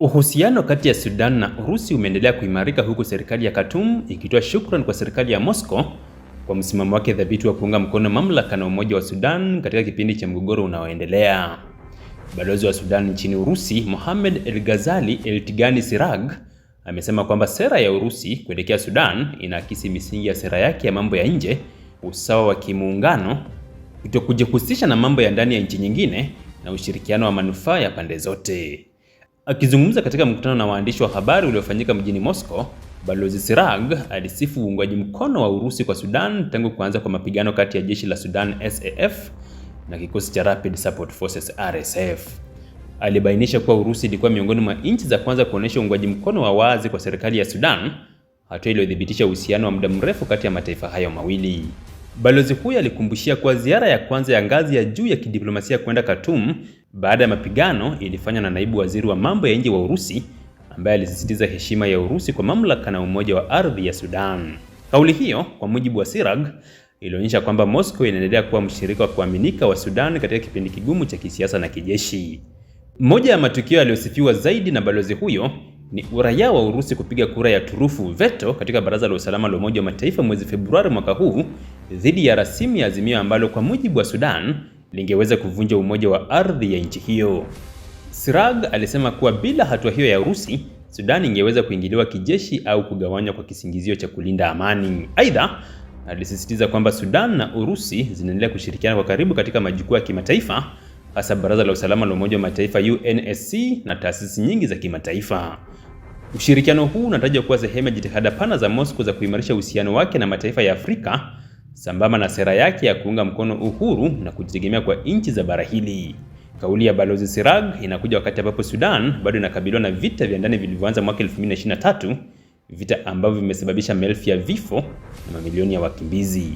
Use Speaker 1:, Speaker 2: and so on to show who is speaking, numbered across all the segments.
Speaker 1: Uhusiano kati ya Sudan na Urusi umeendelea kuimarika huku serikali ya Khartoum ikitoa shukrani kwa serikali ya Moscow kwa msimamo wake thabiti wa kuunga mkono mamlaka na umoja wa Sudan katika kipindi cha mgogoro unaoendelea. Balozi wa Sudan nchini Urusi, Mohamed El-Ghazali El-Tigani Sirag, amesema kwamba sera ya Urusi kuelekea Sudan inaakisi misingi ya sera yake ya mambo ya nje, usawa wa kimuungano, kutokujihusisha na mambo ya ndani ya nchi nyingine na ushirikiano wa manufaa ya pande zote. Akizungumza katika mkutano na waandishi wa habari uliofanyika mjini Moscow, Balozi Sirag alisifu uungwaji mkono wa Urusi kwa Sudan tangu kuanza kwa mapigano kati ya jeshi la Sudan SAF na kikosi cha Rapid Support Forces RSF. Alibainisha kuwa Urusi ilikuwa miongoni mwa nchi za kwanza kuonyesha uungwaji mkono wa wazi kwa serikali ya Sudan, hatua iliyothibitisha uhusiano wa muda mrefu kati ya mataifa hayo mawili. Balozi huyo alikumbushia kuwa ziara ya kwanza ya ngazi ya juu ya kidiplomasia kwenda Khartoum baada ya mapigano ilifanywa na naibu waziri wa mambo ya nje wa Urusi ambaye alisisitiza heshima ya Urusi kwa mamlaka na umoja wa ardhi ya Sudan. Kauli hiyo, kwa mujibu wa Sirag, ilionyesha kwamba Moscow inaendelea kuwa mshirika wa kuaminika wa Sudan katika kipindi kigumu cha kisiasa na kijeshi. Moja ya matukio yaliyosifiwa zaidi na balozi huyo ni uraia wa Urusi kupiga kura ya turufu veto katika Baraza la Usalama la Umoja wa Mataifa mwezi Februari mwaka huu dhidi ya rasimu ya azimio ambalo kwa mujibu wa Sudan lingeweza kuvunja umoja wa ardhi ya nchi hiyo. Sirag alisema kuwa bila hatua hiyo ya Urusi, Sudan ingeweza kuingiliwa kijeshi au kugawanywa kwa kisingizio cha kulinda amani. Aidha, alisisitiza kwamba Sudan na Urusi zinaendelea kushirikiana kwa karibu katika majukwaa ya kimataifa, hasa Baraza la Usalama la Umoja wa Mataifa UNSC na taasisi nyingi za kimataifa. Ushirikiano huu unatajwa kuwa sehemu ya jitihada pana za Moscow za kuimarisha uhusiano wake na mataifa ya Afrika sambamba na sera yake ya kuunga mkono uhuru na kujitegemea kwa nchi za bara hili. Kauli ya Balozi Sirag inakuja wakati ambapo Sudan bado inakabiliwa na vita vya ndani vilivyoanza mwaka 2023, vita ambavyo vimesababisha maelfu ya vifo na mamilioni ya wakimbizi.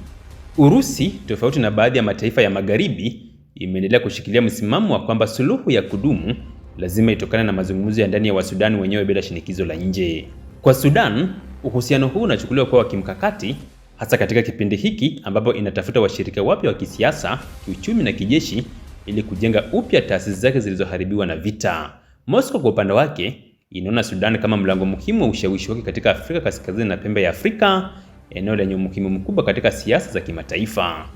Speaker 1: Urusi, tofauti na baadhi ya mataifa ya Magharibi, imeendelea kushikilia msimamo wa kwamba suluhu ya kudumu lazima itokane na mazungumzo ya ndani ya Wasudani wenyewe bila shinikizo la nje. Kwa Sudan, uhusiano huu unachukuliwa kuwa wa kimkakati hasa katika kipindi hiki ambapo inatafuta washirika wapya wa kisiasa, kiuchumi na kijeshi ili kujenga upya taasisi zake zilizoharibiwa na vita. Moscow kwa upande wake inaona Sudan kama mlango muhimu wa ushawishi wake katika Afrika Kaskazini na pembe ya Afrika, eneo lenye umuhimu mkubwa katika siasa za kimataifa.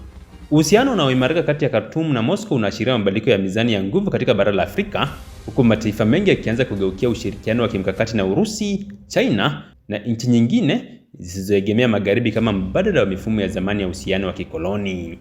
Speaker 1: Uhusiano unaoimarika kati ya Khartoum na Moscow unaashiria mabadiliko ya mizani ya nguvu katika bara la Afrika, huku mataifa mengi yakianza kugeukia ushirikiano wa kimkakati na Urusi, China na nchi nyingine zisizoegemea magharibi kama mbadala wa mifumo ya zamani ya uhusiano wa kikoloni.